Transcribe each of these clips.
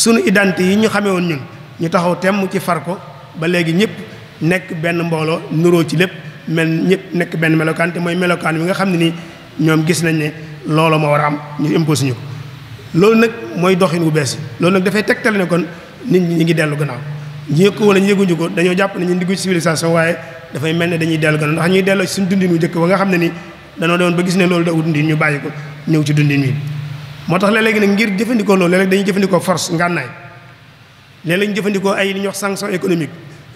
sunu identité yi ñu xamee woon ñun ñu taxaw temm ci far ko ba léegi ñëpp nekk benn mbooloo nuroo ci lépp mel ñëpp nekk benn melokaan te mooy melokaan bi nga xam ne nii ñoom gis nañ ne loolu moo war am ñu imposé ñu ko loolu nag mooy doxin wu bees yi loolu nag dafay tegtal ne kon nit ñi ñu ngi dellu gannaaw ñu yëg ko wala ñu yëguñu ko dañoo jàpp nañu ñu diggu civilisation waaye dafay mel ne dañuy dellu gannaaw ndax ñuy delloo suñ suñu dundin wu njëkk ba nga xam ne ni danoo doon ba gis ne loolu da wut ndin ñu bàyyi ko ñëw ci dundin wi moo tax léeg-léegi nag ngir jëfandikoo loolu léeg-léeg dañuy force ngànnaay léeg-léeg jëfandikoo ay li ñuy wax sanction économique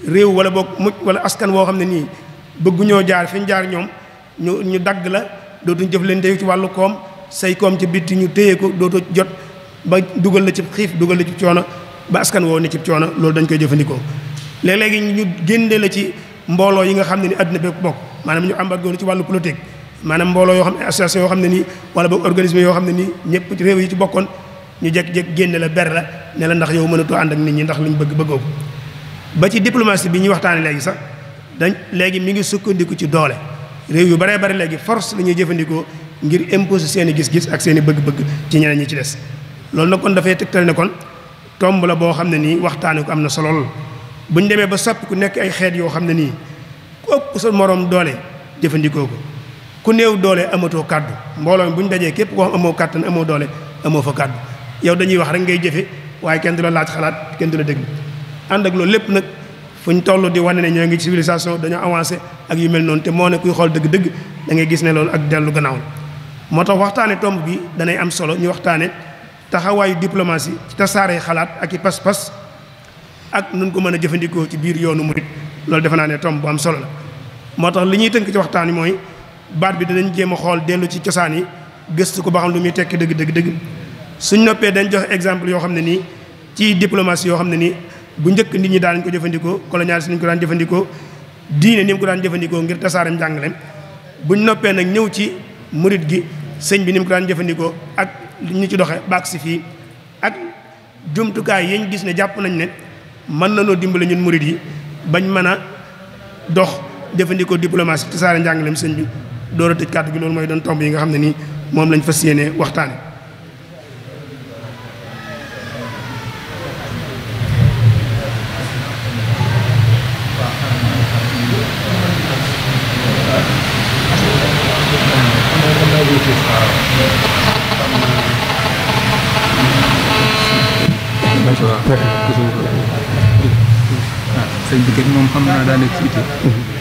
réew wala boog mucc wala askan woo xam ne nii bëgguñoo jaar fi ñu jaar ñoom ñu ñu dagg la leen jëflante ci wàllu koom say koom ci bitti ñu téye ko dootu jot ba dugal na ci xiif dugal la ci coono ba askan woo ne ci coono loolu dañ koy jëfandikoo léeg-léegi ñu génne la ci mbooloo yi nga xam ne ni àddina bépp bokk maanaam ñu embargo ci wàllu politique maanaam mbooloo yoo xam ne association yoo xam ne nii wala boog organisme yoo xam ne nii ñëpp réew yi ci bokkoon ñu jekk-jekk génne la ber la ne ndax yow mënatoo ànd ak nit ñi ndax liñ bëgg bëggoo ko ba ci diplomatie bi ñu waxtaane léegi sax dañ léegi mi ngi sukkandiku ci doole réew yu baree bari léegi force la ñuy jëfandikoo ngir imposer seen i gis-gis ak seen i bëgg-bëgg ci ñeneen ñi ci des loolu nag kon dafay tegtal ne koon tomb la boo xam ne nii waxtaane ko am na solo lool ñu demee ba sàpp ku nekk ay xeet yoo xam ne nii ku ëpp sa morom doole jëfandikoo ko ku néew doole amatoo kàddu mbooloo mi bu ñu dajee képp koo xam amoo kàttan amoo doole amoo fa kàddu yow dañuy wax rek ngay jëfe waaye kenn du la laaj xalaat kenn du la déglu ànd ak loolu lépp nag fu ñu toll di wane ne ñoo ngi civilisation dañoo avancé ak yu mel noonu te moo ne kuy xool dëgg-dëgg da ngay gis ne loolu ak dellu gannaaw moo tax waxtaane tomb bi danay am solo ñu waxtaane taxawaayu diplomatie ci tasaare xalaat ak i pas-pas ak nun ko mën a jëfandikoo ci biir yoonu murit loolu defe naa ne tomb bu am solo la moo tax li ñuy tënk ci waxtaan wi mooy baat bi danañ jéem a xool dellu ci cosaan yi gëstu ko ba xam lu muy tekki dëgg dëgg dëgg suñ noppee dañ jox exemple yoo xam ne nii ci diplomatie yoo xam ne nii bu njëkk nit ñi daanañ ko jëfandikoo colonialiste ni ñu ko daan jëfandikoo diine ni mu ko daan jëfandikoo ngir tasaaram njàngaleem buñ noppee nag ñëw ci murit gi sëñ bi ni mu ko daan jëfandikoo ak ñu ci doxe baak si fii ak jumtukaay yiñ gis ne jàpp nañ ne mën na noo dimbale ñun murit yi bañ mën a dox jëfandikoo diplomatie tasaare njàngaleem sëñ bi door a tëj kàddu gi loolu mooy doon tomb yi nga xam ne ni moom lañu fas yéene waxtaane ah, sëñ bi moom xam naa daa nekk ci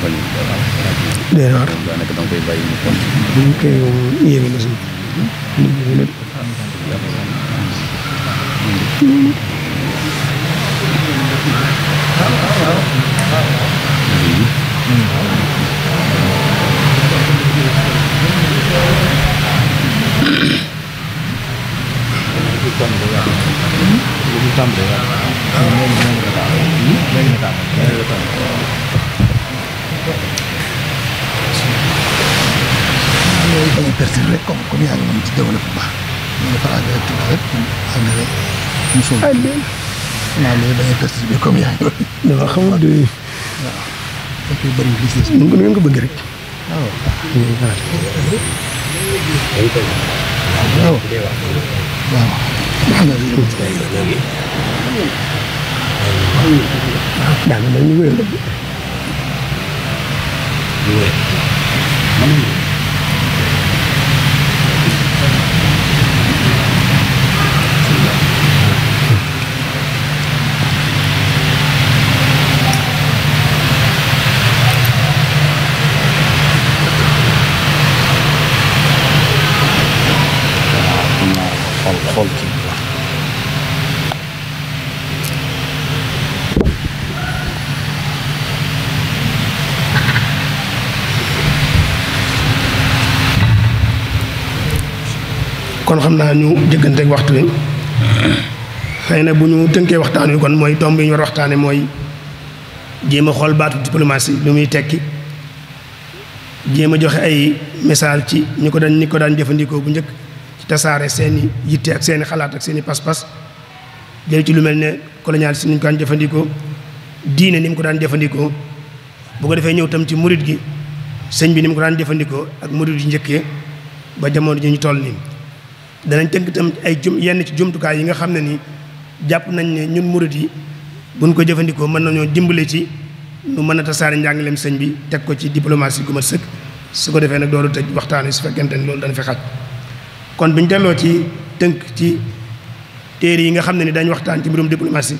compagnie bi waaw. day waar daanaka da nga koy bàyyi mu continué. bu ñu koy yéeme na suñu. nit ñi nag. lu mu tàmbalee waaw. loolu da ngay perte rek comme comme yaa ngi mën ci développé baax mën nga fa àgg rek tuuti mu suuf. ah léegi bi comme yaa xam nga de. waaw da koy bëri gis nga si. nu ngeen ko bëgg rek. ด้วยมันคนคน kon xam naa ñu jëkkanteeg waxtu wi xëy na bu ñu tënkee waxtaan wi kon mooy tomb yi ñu war waxtaane mooy jéem a xool baatu diplomatie lu muy tekki jéem a joxe ay misaal ci ñi ko daan ñi ko daan jëfandikoo bu njëkk ci tasaare seeni yitte ak seeni xalaat ak seeni pas-pas jël ci lu mel ne colonial si ni ñu ko daan jëfandikoo diine ni mu ko daan jëfandikoo bu ko defee ñëw tam ci murit gi sëñ bi ni mu ko daan jëfandikoo ak murit yu njëkkee ba jamono ji ñu toll nii danañ tënk tam ay jum yenn ci jumtukaay yi nga xam ne ni jàpp nañ ne ñun murit yi buñ ko jëfandikoo mën nañoo dimbale ci nu mën a tasaare njàngaleem sëñ bi teg ko ci diplomatie gu ma sëkk su ko defee nag dooru tëj waxtaan wi su fekkente loolu dana fi xaj kon biñ delloo ci tënk ci téere yi nga xam ne ni dañ waxtaan ci mbirum diplomatie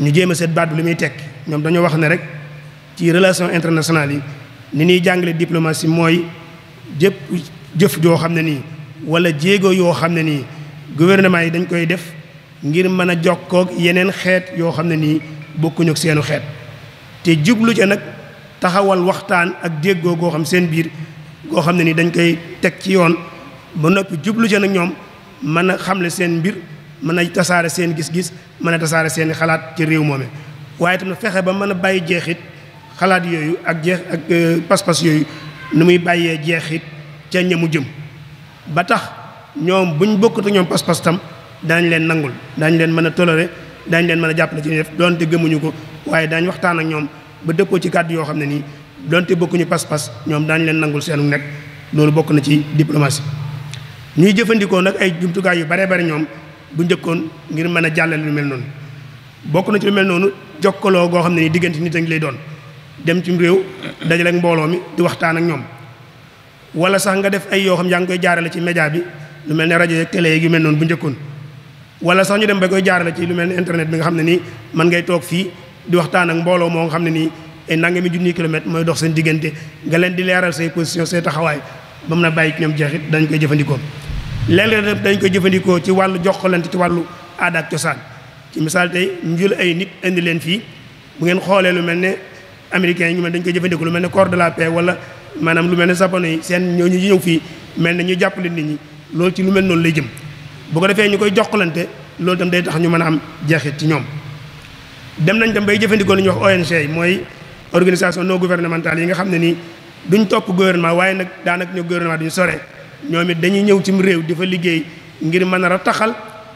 ñu jéem a seet baat bi li muy tekk ñoom dañoo wax ne rek ci relation internationale yi ni ñuy jàngale diplomatie mooy jëpp jëf joo xam ne nii wala jéego yoo xam ne nii gouvernement yi dañ koy def ngir mën a jokkoog yeneen xeet yoo xam ne nii bokkuñu ak seenu xeet te jublu ca nag taxawal waxtaan ak déggoo goo xam seen biir goo xam ne nii dañ koy teg ci yoon ba noppi jublu ca nag ñoom mën a xamle seen mbir mën a tasaare seen gis-gis mën a tasaare seen xalaat ci réew moome waaye itam fexe ba mën a bàyyi jeexit xalaat yooyu ak jeex ak euh, pas-pas yooyu nu muy bàyyee jeexit ca ñamu jëm ba tax ñoom buñ bokkut ak ñoom pas-pas tam daañ leen nangul daañ leen mën a toléré daañ leen mën a jàppale ci ñu def donte gëmuñu ko waaye daañ waxtaan ak ñoom ba dëppoo ci kàddu yoo xam ne nii donte bokkuñu pas-pas ñoom daañ leen nangul seenu nekk loolu bokk na ci diplomatie ñuy jëfandikoo nag ay jumtukaay yu baree bari ñoom bu njëkkoon ngir mën a jàllale lu mel noonu bokk na ci lu mel noonu jokkaloo goo xam ne nii diggante nit a ngi lay doon dem ci réew dajale ak mbooloo mi di waxtaan ak ñoom wala sax nga def ay yoo xam yaa nga koy jaarale ci média bi lu mel ne rajo yeeg télé yeeg mel noonu bu njëkkoon wala sax ñu dem ba koy jaarale ci lu mel ne internet bi nga xam ne nii mën ngay toog fii di waxtaan ak mbooloo moo nga xam ne nii ay nangami junniy kilomètre mooy dox seen diggante nga leen di leeral say position say taxawaay ba mu na bàyyi ñoom jeexit dañ koy jëfandikoo léeg-léeg dañ koy jëfandikoo ci wàllu jokkalante ci wàllu aada ak cosaan ci misaal tey ñu jël ay nit indi leen fii bu ngeen xoolee lu mel ne américains yi ñu mel dañ koy jëfandikoo lu mel ne corps de wala maanaam lu mel ne sapone yi seen ñooñu ñu ñëw fii mel na ñu jàppale nit ñi loolu ci lu mel noonu lay jëm bu ko defee ñu koy jokkalante loolu dem day tax ñu mën a am jeexit ci ñoom dem nañ tam bay jëfandikoo li ONG mooy organisation non gouvernementale yi nga xam ne nii duñ topp gouvernement waaye nag daanaka ñu gouvernement duñu sore ñoom dañuy ñëw cim réew di fa liggéey ngir mën a rataxal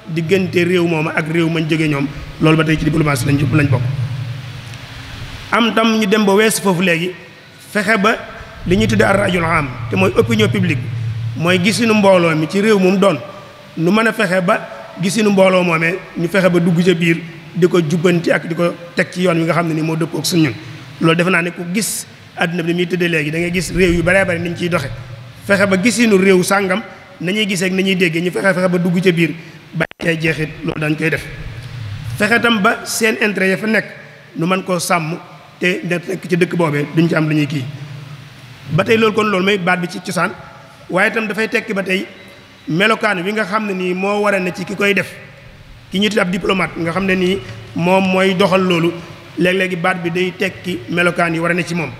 diggante réew moom ak réew mañ jógee ñoom loolu ba tey ci diplomatie lañ lañ bokk dem ba weesu foofu léegi fexe ba li ñuy tuddee ar rajul am te mooy opinion publique bi mooy gisinu mbooloo mi ci réew moom doon nu mën a fexe ba gisinu mbooloo moomee ñu fexe ba dugg ca biir di ko jubbanti ak di ko teg ci yoon wi nga xam ne nii moo dëppoo ak ñun loolu defe naa ne ko gis àdduna bi ni muy tëddee léegi dangay ngay gis réew yu baree bari niñ ciy doxe fexe ba gisinu réew sàngam nañuy gisee ak nañuy déggee ñu fexe fexe ba dugg ca biir ba ay jeexit loolu dañ koy def fexe tam ba seen intérêt ya fa nekk nu mën koo sàmm te nekk ci dëkk boobee duñ ci am lu ñuy kii ba tey loolu kon loolu mooy baat bi ci cosaan waaye itam dafay tekki ba tey melokaan wi nga xam ne nii moo war a ne ci ki koy def ki ñu tudd ab diplomate nga xam ne nii moom mooy doxal loolu léeg-léegi baat bi day tekki melokaan yi war a ne ci moom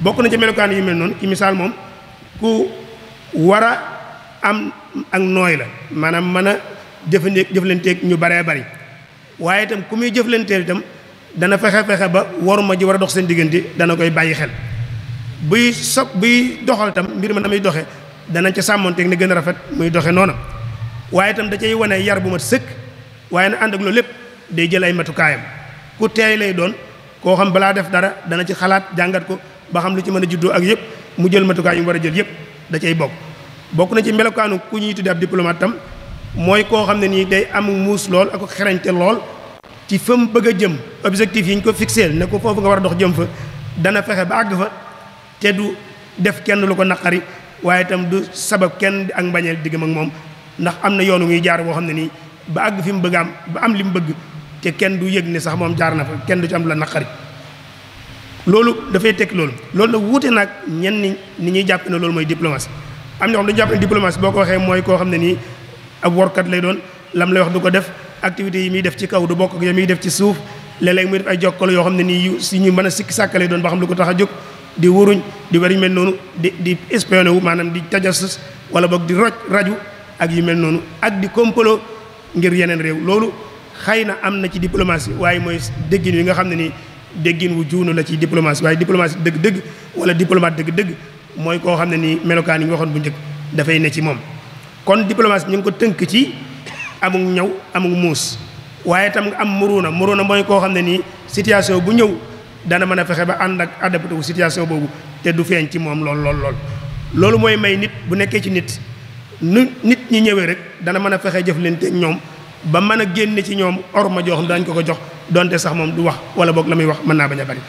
bokk nañ ci melokaan yu mel noonu ci misaal moom ku war a am ak nooy la maanaam mën a jëfandee jëflanteeg ñu baree bari waaye itam ku muy jëflanteel itam dana fexe fexe ba waruma ji war a dox seen diggante dana koy bàyyi xel buy so buy doxal tam mbir ma damay doxe danañ ca sàmmoon sàmmonteeg ne gën a rafet muy doxe noona waaye tam da cay wane yar bu mat sëkk waaye na ànd ak loolu lépp day jël ay matukaayam ku teey lay doon koo xam ne balaa def dara dana ci xalaat jàngat ko ba xam lu ci mën a juddoo ak yëpp mu jël matukaay yu war a jël yëpp da cay bokk bokk na ci melokaanu ku ñuy tuddee ab diplomate tam mooy koo xam ne nii day am muus lool ak xerañte lool ci fa mu bëgg a jëm objectif yi ñu ko fixeel ne ko nga war a dox jëm fa dana fexe ba àgg fa te du def kenn lu ko naqari waaye tam du sabab kenn ak mbañeel diggam ak moom ndax am na yoonu muy jaar boo xam ne nii ba àgg fi mu bëgg am ba am li mu bëgg te kenn du yëg ne sax moom jaar na fa kenn du ci am la naqari loolu dafay teg loolu loolu nag wuute nag ñenn ñi ñuy jàpp ne loolu mooy diplomatie am na ñoo xam dañu jàpp ne diplomatie boo ko waxee mooy koo xam ne nii ab workat lay doon lam lay wax du ko def activités yi muy def ci kaw du bokk ak yi muy def ci suuf léeg-léeg muy def ay jokkalo yoo xam ne nii yu si ñu mën a sikki sàkk doon ba xam ko tax a jóg di wuruñ di wariñ mel noonu di di espionné wu maanaam di tajassus wala boog di roj raju ak yu mel noonu ak di complot ngir yeneen réew loolu xëy na am na ci diplomatie waaye mooy déggin yi nga xam ne nii déggin wu juunu la ci diplomatie waaye diplomatie dëgg-dëgg wala diplomate dëgg-dëgg mooy koo xam ne nii melokaan yi ñu waxoon bu njëkk dafay ne ci moom kon diplomatie ñu ngi ko tënk ci amug ñaw amug muus waaye tam nga am muruuna muruuna mooy koo xam ne nii situation bu ñëw dana mën a fexe ba ànd ak adapté wu situation boobu te du feeñ ci moom lool lool lool. loolu mooy may nit bu nekkee ci nit nu nit ñi ñëwee rek dana mën a fexe jëflante ak ñoom ba mën a génne ci ñoom orma ma xam dañ ko ko jox donte sax moom du wax wala boog la muy wax mën naa bañ a bari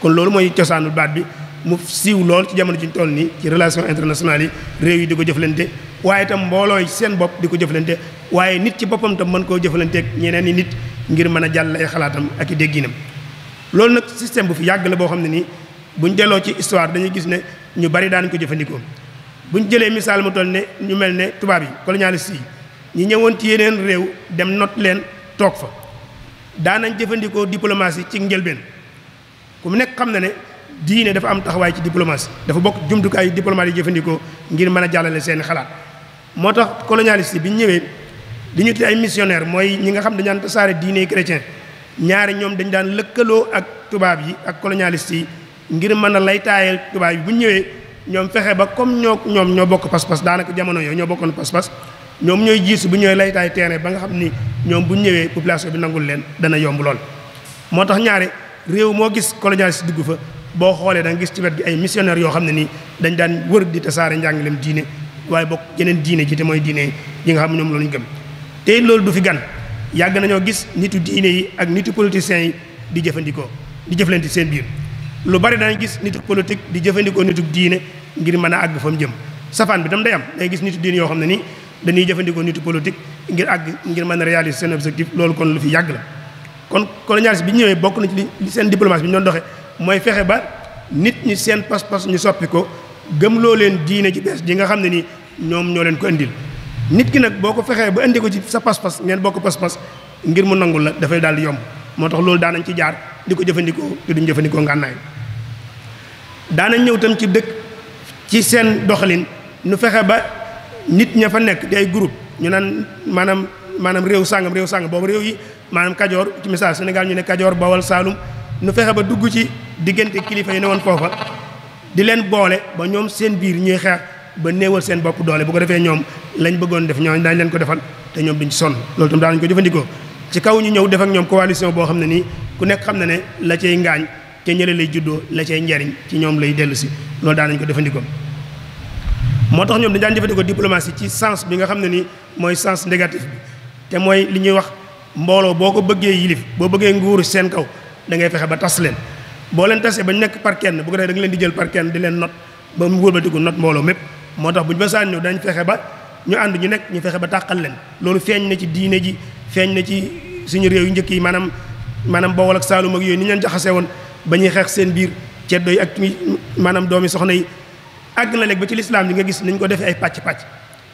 kon loolu mooy cosaanu baat bi. mu siiw lool ci jamono ji ñu nii ci relation internationale yi réew yi di ko jëflante waaye itam mbooloo seen bopp di ko jëflante waaye nit ci boppam tam mën koo jëflanteeg ñeneen ñi nit ngir mën a jàll ay xalaatam ak i loolu nag système bu fi yàgg la boo xam ne nii ñu delloo ci histoire dañuy gis ne ñu bari daanañ ko jëfandikoo bu ñu jëlee misaal mu toll ne ñu mel ne tubaab yi colonialiste yi ñu ñëwoon ci yeneen réew dem not leen toog fa daanañ jëfandikoo diplomatie ci njëlbeen ku mu nekk xam na ne diine dafa am taxawaay ci diplomatie dafa bokk jumtukaayu diplomatie yi jëfandikoo ngir mën a jàllale seen xalaat moo tax colonialiste bi ñu ñëwee li ñu te ay missionnaire mooy ñi nga xam dañaan tasaare diine chrétien ñaari ñoom dañ daan lëkkaloo ak tubaab yi ak colonialiste yi ngir mën a laytaayal tubaab yi bu ñëwee ñoom fexe ba comme ñoo ñoom ñoo bokk pas-pas daanaka jamono yooyu ñoo bokkoon pas-pas ñoom ñooy jiisu bu ñëwee laytaay terrain ba nga xam ni ñoom bu ñëwee population bi nangul leen dana yomb lool. moo tax ñaare réew moo gis colonialiste dugg fa boo xoolee danga gis ci wet gi ay missionnaires yoo xam ne nii dañ daan wër di tasaare njàngaleem diine waaye bokk yeneen diine ji te mooy diine yi nga xam ne ñoom loolu ñu gëm te loolu du fi gan. yàgg nañoo gis nitu diine yi ak nitu politiciens yi di jëfandikoo di jëflante seen biir lu bari danañ gis nitu politique di jëfandikoo nitu diine ngir mën a àgg fa jëm safaan bi tam day am day gis nitu diine yoo xam ne nii dañuy jëfandikoo nitu politique ngir àgg ngir mën a réaliser seen objectif loolu kon lu fi yàgg la kon colonialisme bi ñu ñëwee bokk na ci li seen diplomatie bi ñu doon doxee mooy fexe ba nit ñi seen pas-pas ñu soppi ko gëm loo leen diine ci ji nga xam ne nii ñoom ñoo leen ko indil nit ki nag boo ko fexee ba indi ko ci sa pas-pas ngeen bokk pas-pas ngir mu nangul la dafay daal di yomb moo tax loolu daanañ ci jaar di ko jëfandikoo te duñ jëfandikoo ngànnaay daanañ ñëw tam ci dëkk ci seen doxalin nu fexe ba nit ña fa nekk di ay groupe ñu naan maanaam maanaam réew sàngam réew sàngam boobu réew yi maanaam kajoor ci misaal Sénégal ñu ne kajoor bawal saalum nu fexe ba dugg ci diggante kilifa yi ne woon foofa di leen boole ba ñoom seen biir ñuy xeex ba néewal seen bopp doole bu ko defee ñoom lañ bëggoon def ñooñ dañ leen ko defal te ñoom duñ sonn loolu tam daanañ ko jëfandikoo ci kaw ñu ñëw defak ak ñoom coalition boo xam ne nii ku nekk xam na ne la cay ngaañ ca ñële lay juddoo la cay njariñ ci ñoom lay dellu si loolu daanañ ko jëfandikoo moo tax ñoom dañ daan jëfandikoo diplomatie ci sens bi nga xam ne ni mooy sens négatif bi te mooy li ñuy wax mbooloo boo ko bëggee yilif boo bëggee nguuru seen kaw da ngay fexe ba tas leen boo leen tasee bañ nekk par kenn bu ko defee da leen di jël par kenn di leen not ba mu wëlbatiku not mbooloo mépp moo tax bu ñu masaan ñëw dañ fexe ba ñu ànd ñu nekk ñu fexe ba tàqal leen loolu feeñ na ci diine ji feeñ na ci suñu réew yu njëkk yi maanaam maanaam Bawol ak Saalum ak yooyu ni ñu leen jaxase woon ba ñuy xeex seen biir ceddo yi ak maanaam doomi soxna yi àgg na léegi ba ci lislaam li nga gis nañ ko defee ay pàcc-pàcc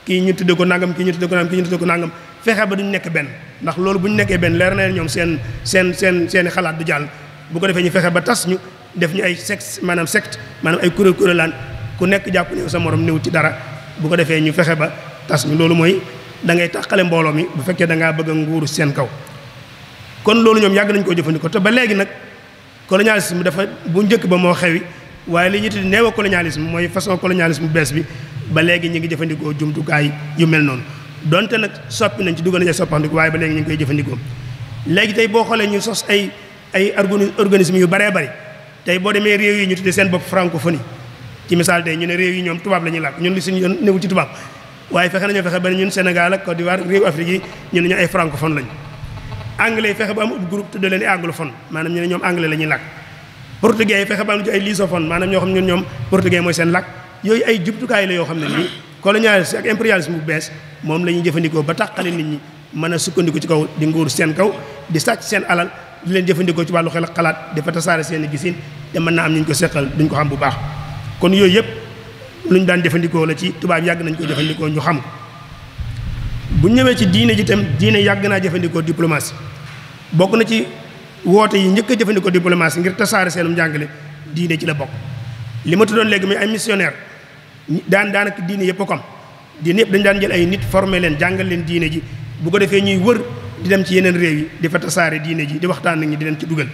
ki ñu tudde ko nangam kii ñu tudde ko nangam kii ñu tudde ko nangam fexe ba duñ nekk benn ndax loolu bu ñu nekkee benn leer na leen ñoom seen seen seen seen du jàll bu ko defee ñu fexe ba tas ñu def ñu ay secte maanaam secte maanaam ay kuréel kuréelaan ku nekk jàpp ne sa moroom néew ci dara bu ko defee ñu fexe ba tas ñu loolu mooy dangay ngay tàqale mbooloo mi bu fekkee dangaa bëgg a nguuru seen kaw kon loolu ñoom yàgg nañ koo jëfandikoo te ba léegi nag colonialisme dafa bu njëkk ba moo xewi waaye li ñu tudd néew colonialisme mooy façon colonialisme bees bi ba léegi ñu ngi jëfandikoo jumtukaay yu mel noonu donte nag soppi nañ ci dugal nañ soppandiku waaye ba léegi ñu ngi koy jëfandikoo léegi tey boo xoolee ñu sos ay ay organisme yu baree bari tey boo demee réew yi ñu tuddee seen bopp francophonie ci misaal tey ñu ne réew yi ñoom tubaab la ñuy làkk ñun li suñu yoon newul ci tubaab waaye fexe nañoo fexe ba ñun Sénégal ak Côte d'Ivoire réew Afrique yi ñun ñu ay francophone lañu anglais fexe ba am ub groupe tudde leen anglophone maanaam ñu ne ñoom anglais la ñuy làkk portugais yi fexe ba am ci ay lusophone maanaam ñoo xam ñun ñoom portugais mooy seen làkk yooyu ay jubtukaay la yoo xam ne nii colonialisme ak impérialisme bu bees moom la ñuy jëfandikoo ba tàqale nit ñi mën a sukkandiku ci kaw di nguur seen kaw di sàcc seen alal di leen jëfandikoo ci wàllu xel xalaat dafa tasaare seen i gisin mën naa am ñu ko seqal duñ ko xam bu baax kon yooyu yëpp lu ñu daan jëfandikoo la ci tubaab yàgg nañ ko jëfandikoo ñu xam ko bu ñëwee ci diine ji tam diine yàgg naa jëfandikoo diplomatie bokk na ci woote yi njëkk a jëfandikoo diplomatie ngir tasaare seenum njàngale diine ci la bokk li ma tuddoon léegi muy ay missionnaire daan daanaka diine yëpp a yëpp dañu daan jël ay nit formé leen jàngal leen diine ji bu ko defee ñuy wër di dem ci yeneen réew yi di fa tasaare ji waxtaan ak ñi di leen ci dugal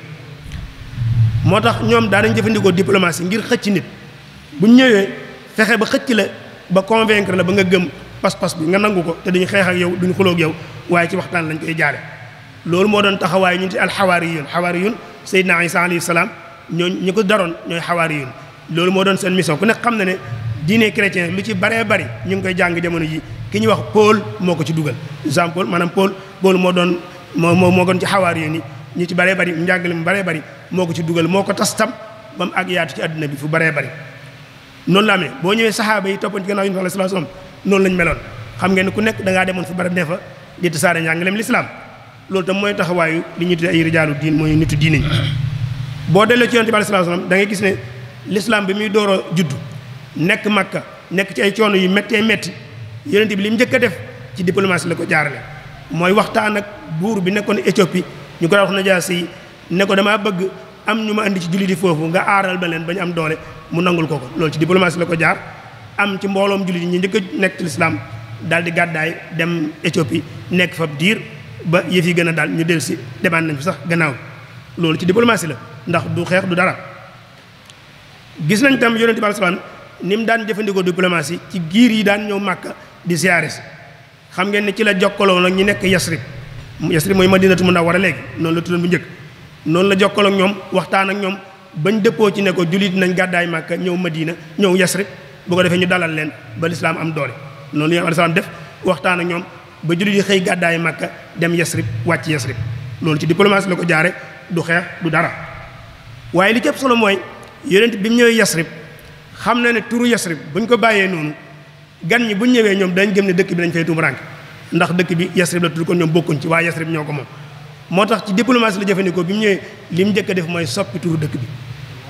moo tax ñoom daanañ jëfandikoo diplomatie ngir xëcc nit bu ñëwee fexe ba xëcc la ba convaincre la ba nga gëm pas-pas bi nga nangu ko te duñu xeex ak yow duñu xulóog yow waaye ci waxtaan lañ koy jaare loolu moo doon taxawaay ñun ci alxawaariyun xawaariyun sayyidina Isa alayhi salaam ñooñ ñi ko daroon ñooy xawaariyun loolu moo doon seen mission ku nekk xam na ne diine chrétien lu ci baree bari ñu ngi koy jàng jamono ji ki ñuy wax Paul moo ko ci dugal Jean Paul maanaam pool Paul moo doon moo moo moo doon ci xawaar yoon yi ñu ci baree bari njàngale mu baree bari moo ko ci dugal moo ko tas tam ba ak yaatu ci àdduna bi fu baree bari noonu la amee boo ñëwee saxaaba yi toppoon ci gannaaw yonent bi sallallahu alayhi wasallam noonu lañ meloon xam ngeen ne ku nekk da ngaa demoon fu barab ne fa di tasaare njàngaleem lislaam loolu tam mooy taxawaayu li ñu tuddee ay rijaalu diin mooy nitu diine ñi boo delloo ci yonent bi sallallahu alayhi da ngay gis ne lislaam bi muy door juddu nekk makka nekk ci ay coono yu méttee métti yonent bi li mu njëkk a def ci diplomatie la ko jaarale mooy waxtaan ak buur bi nekkoon Éthiopie ñu ko daa wax na jaas yi ne ko damaa bëgg am ñu ma indi ci julli di foofu nga aaral ba leen ba ñu am doole mu nangul ko ko loolu ci diplomatie la ko jaar am ci mbooloom jullit ñi njëkk a nekk ci lislaam daal di gàddaay dem Éthiopie nekk fa diir ba yëf yi gën a daal ñu dell si demaat nañ fi sax gannaaw loolu ci diplomatie la ndax du xeex du dara gis nañ tam yonente bi aleyhi salaam ni mu daan jëfandikoo diplomatie ci giir yi daan ñëw màkka di siyaare xam ngeen ne ci la jokkaloo nag ñu nekk yasrib yasrib mooy madinatu munawwara léegi noonu la tuddoon bu njëkk noonu la jokkal ak ñoom waxtaan ak ñoom bañ dëppoo ci ne ko jullit nañ gàddaay màkka ñëw madina ñëw yasrib bu ko defee ñu dalal leen ba lislaam am doole noonu yonent bi salaam def waxtaan ak ñoom ba jullit yi xëy gàddaay màkka dem yasrib wàcc yasrib loolu ci diplomatie la ko jaare du xeex du dara waaye li ci ëpp solo mooy yonent bi mu ñëwee yasrib xam na ne turu yasrib buñ ko bàyyee noonu gan ñi ñu ñëwee ñoom dañ gëm ne dëkk bi dañ fay tuum ndax dëkk bi yasrib la tudd kon ñoom bokkuñ ci waaye yasrib ñoo ko moom moo tax ci diplomatie la jëfandikoo bi mu ñëwee li mu njëkk def mooy soppi turu dëkk bi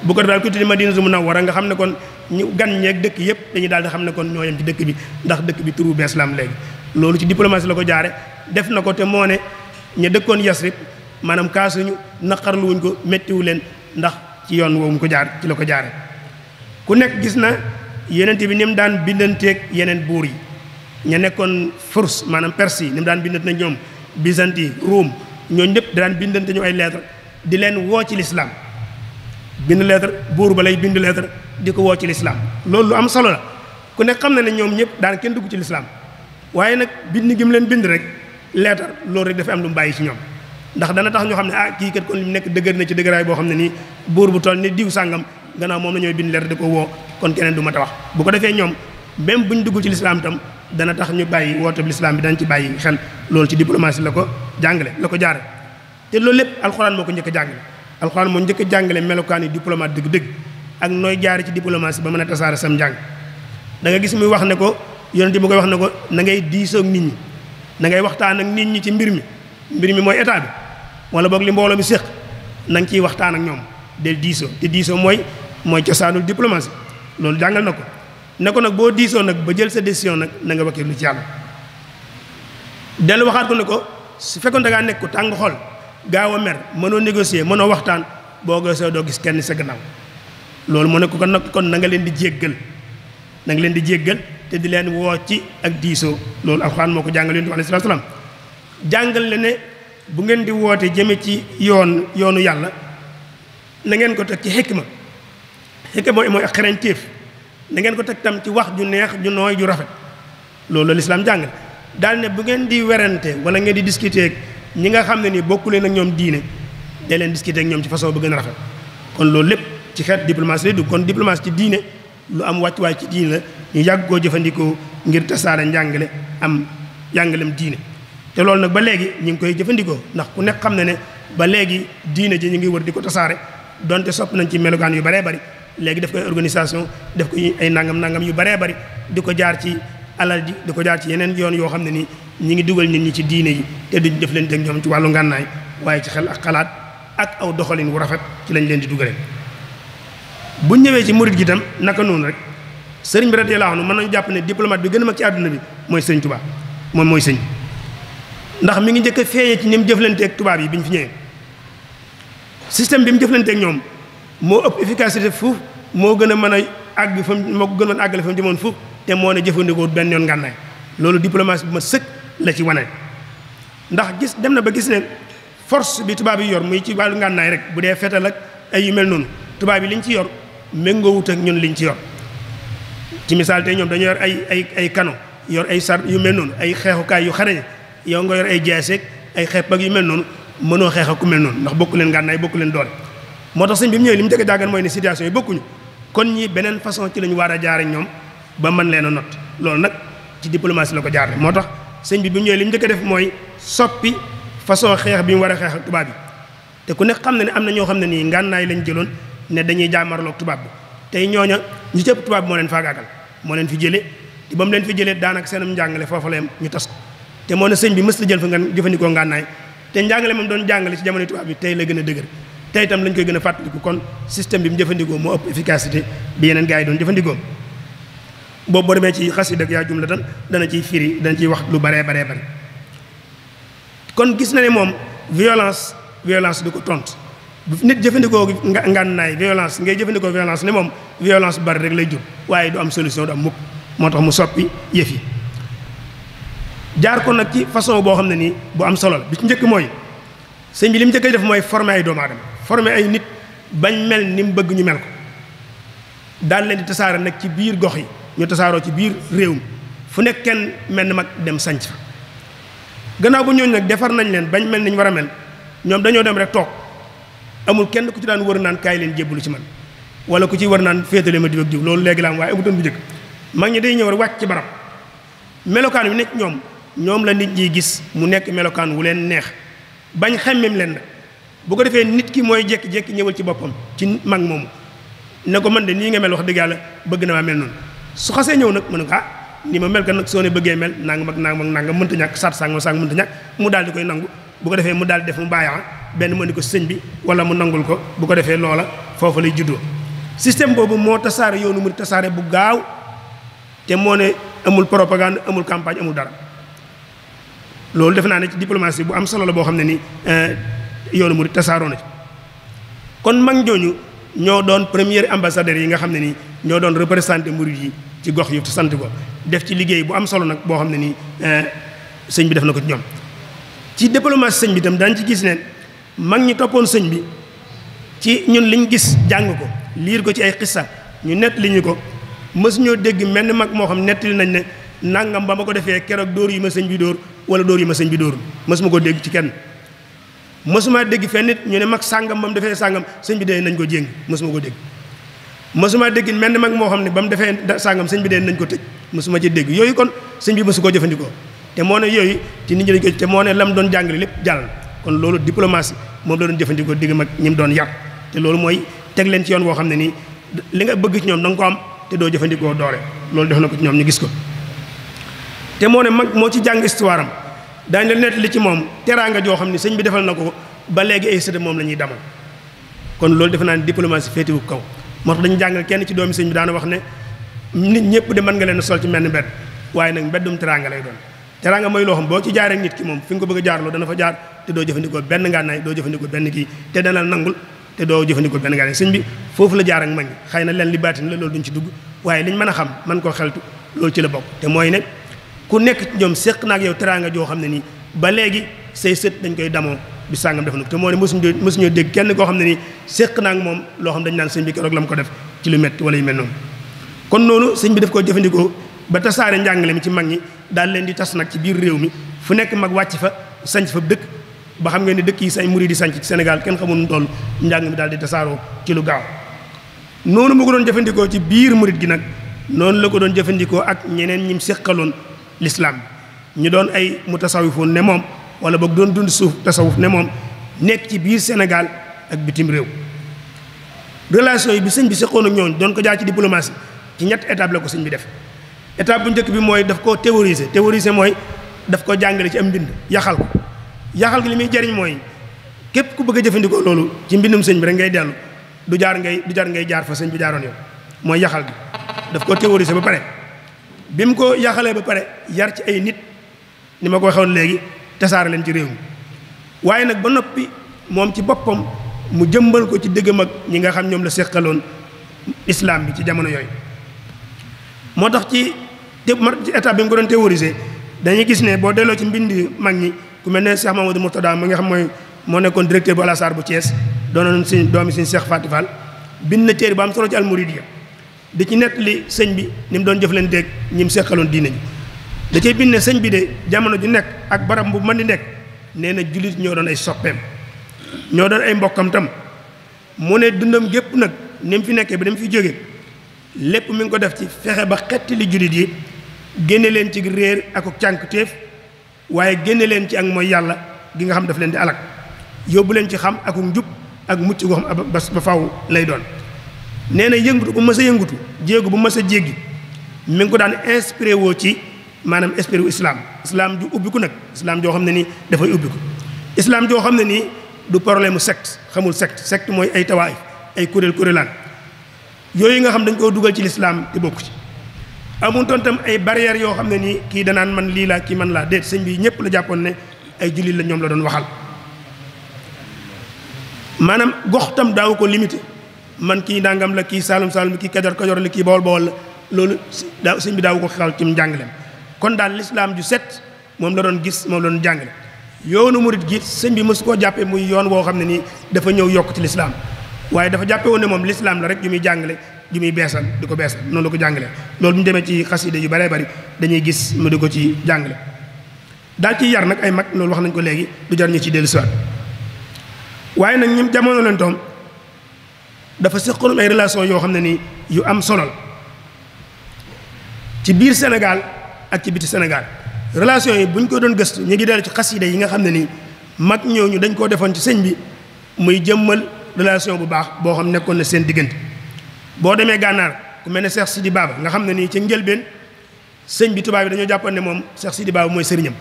bu ko daal ku tuddi Madinatu Munawwara nga xam ne kon ñu gan ñeek dëkk yëpp dañuy daal di xam ne kon ñoo yem ci dëkk bi ndax dëkk bi turu bees la am loolu ci diplomatie la ko jaare def na ko te moo ne ña dëkkoon Yasrib maanaam kaasuñu naqarlu wuñ ko méttiwu leen ndax ci yoon woowu mu ko jaar ci la ko jaare ku nekk gis na yeneen bi ni mu daan bindanteeg yeneen buur yi ña nekkoon furs maanaam perse yi ni mu daan bindante na ñoom byzanti yi Rome ñooñu ñëpp daan bindante ñu ay lettre di leen woo ci lislaam bind lettre buur ba lay bind lettre di ko woo ci lislaam loolu lu am solo la ku ne xam na ne ñoom ñëpp daan kenn dugg ci lislaam waaye nag bind gi mu leen bind rek lettre loolu rek dafa am lu mu bàyyi ci ñoom ndax dana tax ñoo xam ne ah kii kat kon li mu nekk dëgër na ci dëgëraay boo xam ne nii buur bu toll ni diw sàngam gannaaw moom la ñooy bind lettre di ko woo kon keneen du mat a wax bu ko defee ñoom même buñ dugg ci lislaam itam dana tax ñu bàyyi woote bi lislaam bi dañ ci bàyyi xel loolu ci diplomatie la ko jàngale la ko jaare te loolu lépp alxuraan moo ko njëkk a jàngale alxuraan moo njëkk a jàngale melokaan yi diplomate dëgg-dëgg ak nooy jaare ci diplomatie ba mën a tasaare sam njàng da nga gis muy wax ne ko yonent bi koy wax ne ko na ngay diisoog nit ñi na ngay waxtaan ak nit ñi ci mbir mi mbir mi mooy état bi wala boog li mbooloo mi séq na nga ciy waxtaan ak ñoom del diisoo te diisoo mooy mooy cosaanul diplomatie loolu jàngal na ko ne ko nag boo diisoo nag ba jël sa décision nag na nga wakkilu ci yàlla dellu waxaat ko ne ko su fekkoon da ngaa nekk ku tàng xol gaaw a mer mënoo négocier mënoo waxtaan boo gëstoo doo gis kenn sa gannaaw loolu mu ne ko kon nag kon na nga leen di jéggal na leen di jéggal te di leen woo ci ak diisoo loolu ak alxuraan moo ko jàngal yonent bi alayhi salaatu salaam jàngal le ne bu ngeen di wootee jëme ci yoon yoonu yàlla na ngeen ko teg ci xikma xikma mooy mooy ak xereñteef na ngeen ko teg tam ci wax ju neex ju nooy ju rafet loolu la lislaam jàng daal ne bu ngeen di werante wala ngeen di discuter ñi nga xam ne ni bokku leen ak ñoom diine day leen discuter ak ñoom ci façon bu gën a rafet kon loolu lépp ci xeet diplomatie lay dugg kon diplomatie ci diine lu am wàccuwaay ci diine la ñu yàgg koo jëfandikoo ngir tasaare njàngale am njàngalem diine te loolu nag ba léegi ñu ngi koy jëfandikoo ndax ku nekk xam ne ne ba léegi diine ji ñu ngi wër di ko tasaare donte sopp nañ ci melokaan yu baree bari léegi def ko ay organisation def ko ay nangam nangam yu baree bari di ko jaar ci alal ji di ko jaar ci yeneen yoon yoo xam ne nii ñi ngi dugal nit ñi ci diine yi te duñ ñoom ci wàllu ngànnaay waaye ci xel ak xalaat ak aw doxalin wu rafet ci lañ leen di dugalee bu ñëwee ci murit gi itam naka noonu rek sëriñ bi radiyallahu anhu mën nañu jàpp ne diplomate bi gën a mag ci àdduna bi mooy sëriñ moom mooy sëñ ndax mi ngi njëkk a feeñee ci ni mu tubaab yi bi ñu fi ñëwee système bi mu ñoom moo ëpp efficacité foofu moo gën a mën a àgg fa moo ko gën a mën a àggale fa mu jëmoon fukk te moo ne jëfandikoo benn yoon ngànnaay loolu diplomatie bu ma sëkk la ci wane. ndax gis dem na ba gis ne force bi tubaab yi yor muy ci wàllu ngànnaay rek bu dee fetal ak ay yu mel noonu tubaab yi liñ ci yor méngoowut ak ñun liñ ci yor ci misaal tey ñoom dañu yor ay ay ay canon yor ay sar yu mel noonu ay xeexukaay yu xarañ yow nga yor ay jaaseeg ay xepp ak yu mel noonu mënoo xeex ak ku mel noonu ndax bokku leen ngànnaay moo tax sëñ bi mu ñëwee situation yi bokkuñu kon ñii beneen façon ci la ñu war a jaare ñoom ba man leen a not loolu nag ci diplomatie la ko jaare moo tax sëñ bi bi mu li mu njëkk def mooy soppi façon xeex bi mu war a xeex ak tubaab bi te ku nekk xam na ne am na ñoo xam ne nii ngànnaay lañ jëloon ne dañuy jaamarloog tubaab bi tey ñooña ñu cëpp tubaab bi moo leen faagaagal moo leen fi jëlee te ba mu leen fi jëlee daanak seenam njàngale foofu la ñu tas ko te moo ne sëñ bi mës la jël fa nga jëfandikoo te njàngale moom doon jàngale ci jamono tubaab bi tey la gën a dëgër tey itam lañ koy gën a fàttaliku kon système bi mu jëfandikoo moo ëpp efficacité bi yeneen gars yi doon jëfandikoo boobu boo demee ci xasida ak yaa jumla tan dana ciy firi dana ciy wax lu baree baree bari kon gis na ne moom violence violence du ko tontu bu fi nit jëfandikoo nga ngànnaay violence ngay jëfandikoo violence ne moom violence bu bari rek lay jub waaye du am solution du am mukk moo tax mu soppi yëf yi jaar ko nag ci façon boo xam ne nii bu am solo la njëkk mooy sëñ bi li mu def mooy former ay doomu aadama formé ay nit bañ mel ni mu bëgg ñu mel ko daal leen di tasaare nag ci biir gox yi ñu tasaaroo ci biir réew mi fu nekk kenn mel ni mag dem sanc fa gannaaw bu ñooñu nag defar nañ leen bañ mel ni ñu war a mel ñoom dañoo dem rek toog amul kenn ku ci daan wër naan kaay leen jébbalu ci man wala ku ci wër naan féetale ma diw ak diw loolu léegi la am waaye amutoon bu njëkk mag ñi day ñëw rek wàcc ci barab melokaan wi nekk ñoom ñoom la nit ñiy gis mu nekk melokaan wu leen neex bañ xemmem leen bu ko defee nit ki mooy jékki-jékki ñëwal ci boppam ci mag moomu ne ko mën de nii nga mel wax dëgg yàlla bëgg na maa mel noonu su xasee ñëw nag mën ah ni ma mel ka nag soo bëggee mel nangam ak nangam ak nangam mënta ñàkk sat sàng sàng mënta ñàkk mu daal di koy nangu bu ko defee mu daal di def mu bàyyi ah, benn mu indi ko sëñ bi wala mu nangul ko bu ko defee loola foofu lay juddoo système boobu moo tasaare yoonu mu tasaare bu gaaw te moo ne amul propagande amul campagne amul dara def naa ne ci diplomatie bu am solo la boo xam ne nii euh, yoonu mu tasaaroo na ci kon mag ñooñu ñoo doon premier ambassadeur yi nga xam ne ni ñoo doon représenté murid yi ci gox yëpp te sant ko def ci liggéey bu am solo nag boo xam ne nii eh, sëñ bi def na ko ñoom. ci diplomatie sëñ bi tam daañu ci gis ne mag ñi toppoon sëñ bi ci ñun liñ gis jàng ko liir ko ci ay xissa ñu nett li ñu ko mësu ñoo dégg mel ni mag moo xam nettali nañ ne nangam ba ma ko defee keroog dóor yi ma sëñ bi dóor wala dóor yi ma sëñ bi dóor mësu ma ko dégg ci kenn. mësuma dégg fenn nit ñu ne mag sàngam ba mu defee sàngam sëñ bi dee nañ ko jéng mësuma ko dégg mësuma dégg mel ni mag moo xam ne ba mu defee sàngam sëñ bi dee nañ ko tëj mësuma ci dégg yooyu kon sëñ bi mësu koo jëfandikoo te moo ne yooyu ci nit ñi dañ ko te moo ne lam doon jàngale lépp jàll kon loolu diplomatie moom la doon jëfandikoo digg mag ñi mu doon yar te loolu mooy teg leen ci yoon woo xam ne nii li nga bëgg ci ñoom da ko am te doo jëfandikoo doole loolu def na ko ñoom ñu gis ko te moo mag moo ci jàng histoire am daañ la nett li ci moom teraanga joo xam ne sëñ bi defal na ko ba léegi ay sëtam moom la ñuy demal kon loolu defe naa ne diplomatie féetiwu kaw moo tax dañu jàngal kenn ci doomi sëñ bi daana wax ne nit ñëpp de mën nga leen sol ci mel ni mbedd waaye nag mbeddum teraanga lay doon teraanga mooy loo xam boo ci jaaree nit ki moom fi nga ko bëgg a jaarloo dana fa jaar te doo jëfandikoo benn ngànnaay doo jëfandikoo benn kii te dana nangul te doo jëfandikoo benn ngànnaay sëñ bi foofu la jaar ak mag ñi xëy na leen li baatin la loolu duñ dugg waaye liñ mën a xam man koo xeltu loolu ci la bokk te mooy ne ku nekk ci ñoom séq na ak yow teraanga joo xam ne nii ba léegi say sët dañ koy damoo bi sàngam def na te moo ne mosuñu mosuñu dégg kenn koo xam ne nii séq na ak moom loo xam dañ naan sëñ bi keroog la ko def ci lu métti wala yu mel noonu kon noonu sëñ bi daf koo jëfandikoo ba tasaare njàngale mi ci mag ñi daal leen di tas nag ci biir réew mi fu nekk mag wàcc fa sanc fa dëkk ba xam ngeen ne dëkk yi say muri di sanc ci Sénégal kenn xamul nu njàng mi daal di tasaaroo ci lu gaaw noonu mu ko doon jëfandikoo ci biir murit gi nag noonu la ko doon jëfandikoo ak ñeneen ñim séqaloon lislaam ñu doon ay mutasawifoon ne moom wala boog doon dund suuf tasawuf ne moom nekk ci biir Sénégal ak bitim réew relation yi bi sëñ bi seqoon ak ñooñu doon ko jaar ci diplomatie ci ñett étape la ko sëñ bi def étape bu njëkk bi mooy daf koo théoriser théoriser mooy daf ko jàngale ci am mbind yaxal ko yaxal gi li muy jariñ mooy képp ku bëgg a jëfandikoo loolu ci mbindum sëñ bi rek ngay dellu du jaar ngay du jaar ngay jaar fa sëñ bi jaaroon yow mooy yaxal gi daf ko théoriser ba pare bi mu ko yaxalee ba pare yar ci ay nit ni ma ko waxoon léegi tasaare leen ci réew mi waaye nag ba noppi moom ci boppam mu jëmbal ko ci dëggam ak ñi nga xam ñoom la seqaloon islam bi ci jamono yooyu. moo tax ci te ci état bi mu ko doon théorisé dañuy gis ne boo delloo ci mbind mag ñi ku mel ne Cheikh Mamadou Mourtada mi nga xam mooy moo nekkoon directeur bu Alassar bu Thiès doonoon suñ doomi si Cheikh Fatou Fall bind na téere ba am solo ci almouridiya di ci li sëñ bi ni mu doon jëflanteeg ñi mu seqaloon diine ji da cay bind ne sëñ bi de jamono ju nekk ak barab bu mën di nekk nee na jullit ñoo doon ay soppeem ñoo doon ay mbokkamtam tam mu ne dundam gépp nag ni mu fi nekkee bi ni mu fi jógee lépp mu ngi ko def ci fexe ba xetti li jullit yi génne leen ci réer ak cànkutéef waaye génne leen ci ak mooy yàlla gi nga xam daf leen di alak yóbbu leen ci xam ak njub ak mucc goo xam ba faw lay doon nee na yëngutu bu mës a yëngutu jéegu bu mës a jéggi mi ngi ko daan inspiré woo ci maanaam inspiré wu islam islam ju ubbiku nag islam joo xam ne nii dafay ubbiku islaam joo xam ne nii du problème mu secte xamul secte secte mooy ay tawaay ay kuréel kuréelaan yooyu nga xam dañ koo dugal ci lislaam te bokku ci amul toon tam ay barrières yoo xam ne nii kii danaan man lii laa kii man laa déet sëñ bi ñëpp la jàppoon ne ay jullit la ñoom la doon waxal maanaam gox tam daaw man kii ndàngam la kii saalum saalum kii kajoor kajoor la kii bawol bawol la loolu daaw sëñ bi daaw ko xal ci njàngaleem kon daal lislaam ju set moom la doon gis moom la doon jàngale yoonu murit gi sëñ bi su koo jàppee muy yoon woo xam ne nii dafa ñëw yokk ci lislaam waaye dafa jàppe ne moom lislaam la rek ju muy jàngale ju muy beesal di ko beesal noonu la ko jàngale loolu ñu demee ci xasida yu baree bari dañuy gis mu di ko ci jàngale dal ci yar nag ay mag loolu wax nañ ko léegi du jar ñu ci dellusiwaat waaye nag ñim dafa seqoon ay relation yoo xam ne nii yu am solo la ci biir Sénégal ak ci biti Sénégal relation yi bu ñu ko doon gëstu ñu ngi dellu ci xasida yi nga xam ne ni mag ñooñu dañ koo defoon ci sëñ bi muy jëmmal relation bu baax boo xam nekkoon na seen diggante boo demee gànnaar ku mel ne Cheikh Sidi Baba nga xam ne nii ci njëlbeen sëñ bi tubaab bi dañoo jàppoon ne moom Cheikh Sidi Baba mooy sëriñam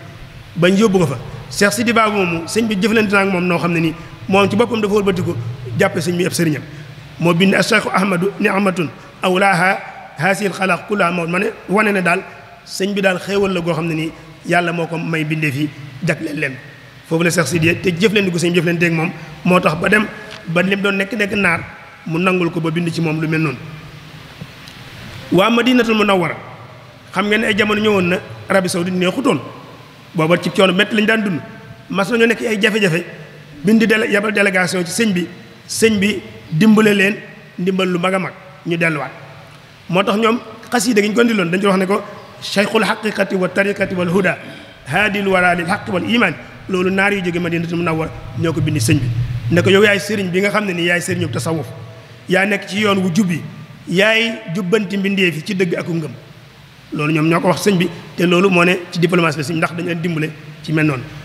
bañ yóbbu ko fa Cheikh Sidi Baba moomu sëñ bi jëflante na ak moom noo xam ne nii moom ci boppam dafa wëlbatiku jàppe sëñ bi ab moo bind a cheikhu ahmadou niamatun awlaaha haasil xalaq kulla mawt ma ne wane ne daal sëñ bi daal xéewal la goo xam ne nii yàlla moo ko may bindee fii jagleel leen foofu la Cheikh Sidiya te jëf leen di ko sëñ bi moom moo tax ba dem ba lim doon nekk nekk naar mu nangul ko ba bind ci moom lu mel noonu waa ma madinatul munawwara xam ngeen ne ay jamono ñëwoon na Arabie Saoudite neexutoon booba ci coono metti lañ daan dund mas nañoo nekk ay jafe-jafe bind dele yabal délégation ci sëñ bi sëñ bi dimbale leen ndimbal lu mag a mag ñu delluwaat moo tax ñoom xasida gi ñu ko ndiloon dañu wax ne ko cheikhul haqiqati wa tariqati wal huda haadil wara lil haqi wal iman loolu naar yi jóge na na munawwar ñoo ko bindi sëñ bi ne ko yow yaay sëriñ bi nga xam ne ni yaay sëriñu tasawuf yaa nekk ci yoon wu jubbi yaay jubbanti mbindee fi ci dëgg ak ngëm loolu ñoom ñoo ko wax sëñ bi te loolu moo ne ci diplomatie la sëñ ndax dañu leen dimbale ci mel noonu